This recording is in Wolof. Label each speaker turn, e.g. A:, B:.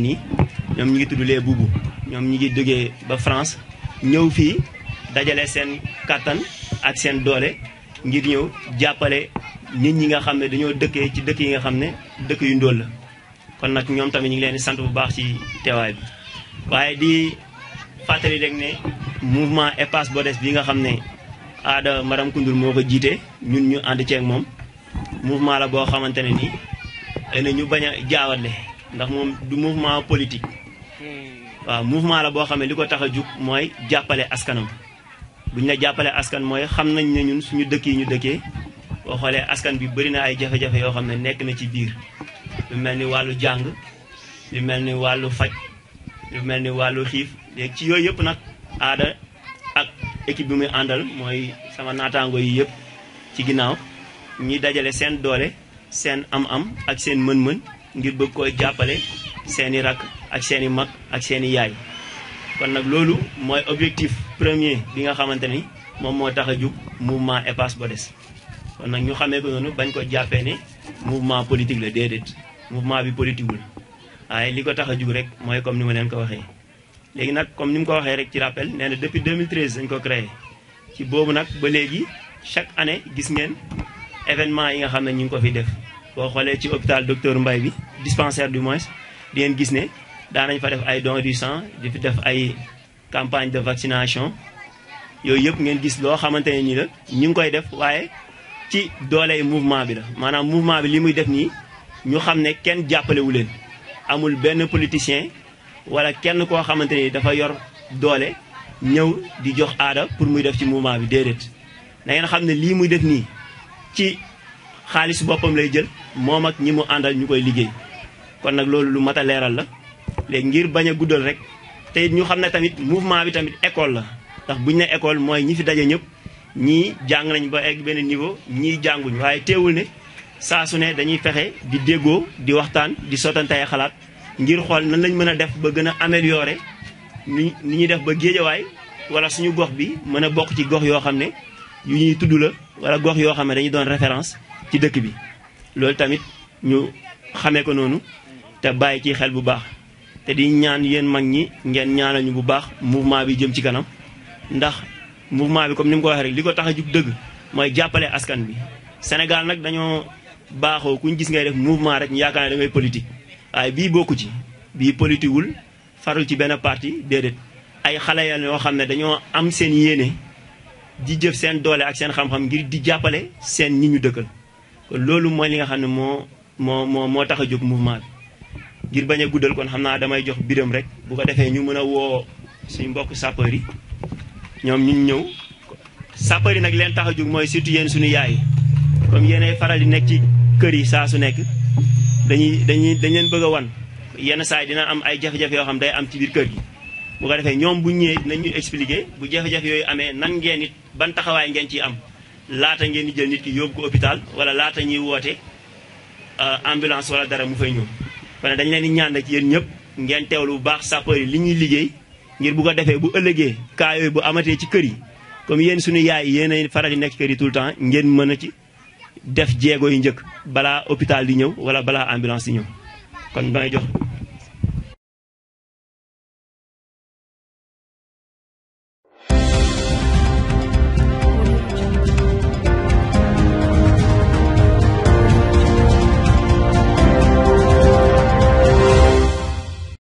A: nii ñoom ñu ngi tudd les buubu ñoom ñu ngi jógee ba France ñëw fii dajale seen kàttan ak seen doole ngir ñëw jàppale nit ñi nga xam ne dañoo dëkkee ci dëkk yi nga xam ne dëkk yu ndóol la kon nag ñoom tamit ñu ngi leen sant bu baax ci teewaay bi waaye di fàttali rek ne mouvement Espace Bodès bi nga xam ne aada madame Koundoul moo ko jiite ñun ñu ànd ceeg moom mouvement la boo xamante ne nii ñu bañ a jaawale ndax moom du mouvement politique hmm. waaw mouvement la boo xam ne li ko tax a jug mooy jàppale askanam buñ la jàppale askan mooy xam nañ ne ñun suñu dëkk yi ñu dëkkee boo xoolee askan bi bëri na ay jafe-jafe yoo xam ne nekk na ci biir lu mel ni wàllu jàng lu mel ni wàllu faj lu mel ni wàllu xiif léegi ci yooyu yëpp nag aada ak équipe bi muy àndal mooy sama naataango yi yëpp ci ginnaaw ñuy dajale seen doole seen am-am ak seen mën-mën ngir bëgg koy jàppale seeni i ak seeni mag ak seen i yaay kon nag loolu mooy objectif premier bi nga xamante ni moom moo tax a jug mouvement EPAS BODES kon nag ñu xamee ko noonu bañ ko jàppee ne mouvement politique la déedéet mouvement bi politique wul waaye li ko tax a jug rek mooy comme ni ma leen ko waxee. léegi nag comme ni mu ko waxee rek ci rappel nee na depuis dañ ko créé ci boobu nag ba léegi chaque année gis ngeen événement yi nga xam ne ñu ngi ko fi def. boo xoolee ci hôpital docteur Mbaye bi dispensaire du moins di ngeen gis ne daanañ fa def ay don du sang di fi def ay campagne de vaccination yooyu yëpp ngeen gis loo xamante ne nii la ñu ngi koy def waaye ci dooley mouvement bi la maanaam mouvement bi li muy def nii ñu xam ne kenn jàppalewu leen amul benn politicien wala kenn koo xamante ni dafa yor doole ñëw di jox aada pour muy def ci mouvement bi déedéet na xam ne lii muy def nii ci xaalis boppam lay jël moom ak ñi mu àndal ñu koy liggéey kon nag loolu lu mat a leeral la léegi ngir bañ a guddal rek te ñu xam ne tamit mouvement bi tamit école la ndax bu ñu ne école mooy ñi fi daje ñëpp ñii jàng nañ ba egg benn niveau ñii jànguñ waaye teewul ne saa su ne dañuy fexe di déggoo di waxtaan di sottante ay xalaat ngir xool nan lañ mën a def ba gën a améliorer ñu ni ñuy def ba géejawaay wala suñu gox bi mën a bokk ci gox yoo xam ne yu ñuy tudd la wala gox yoo xam ne dañuy doon référence ci dëkk bi loolu tamit ñu xamee ko noonu te bàyyi ci xel bu baax te di ñaan yéen mag ñi ngeen ñaanal bu baax mouvement bi jëm ci kanam ndax mouvement bi comme ni mu ko waxee rek li ko tax a jug dëgg mooy jàppale askan bi Sénégal nag dañoo baaxoo kuñ gis ngay def mouvement rek ñu yaakaar ne da ngay waaye bii bokku ci bii politique wul farul ci benn parti déedéet ay xale ya yoo xam ne dañoo am seen yéene di jëf seen doole ak seen xam-xam ngir di jàppale seen nit ñu dëkkal loolu mooy li nga xam ne moo moo moo moo tax a jóg mouvement ngir bañ a guddal kon xam naa damay jox biram rek bu ko defee ñu mën a woo suñu mbokk sapeur yi ñoom ñu ñëw sapeur yi nag leen tax a jóg mooy surtout yéen suñu yaay comme yéenay faral di nekk ci kër yi saa su nekk dañuy dañuy dañ leen bëgg a wan yenn saa yi dina am ay jafe-jafe yoo xam day am ci biir kër gi bu ko defee ñoom bu ñëwee dinañ ñu expliquer bu jafe-jafe yooyu amee nan ngeen it ban taxawaay ngeen ciy am laata ngeen di jël nit ki yóbbu ko hôpital wala laata ñuy woote euh, ambulance wala dara mu fay ñëw kon dañ leen di ñaan ci yéen ñëpp ngeen lu bu baax sapeur yi li ñuy liggéey ngir bu ko defee bu ëllëgee cas bu amatee ci kër yi comme yéen suñu yaay yéen faral di nekk kër yi tout le ngeen mën a ci def jéego yu njëkk balaa hôpital di ñëw wala balaa ambulance di ñëw kon ba ngay jox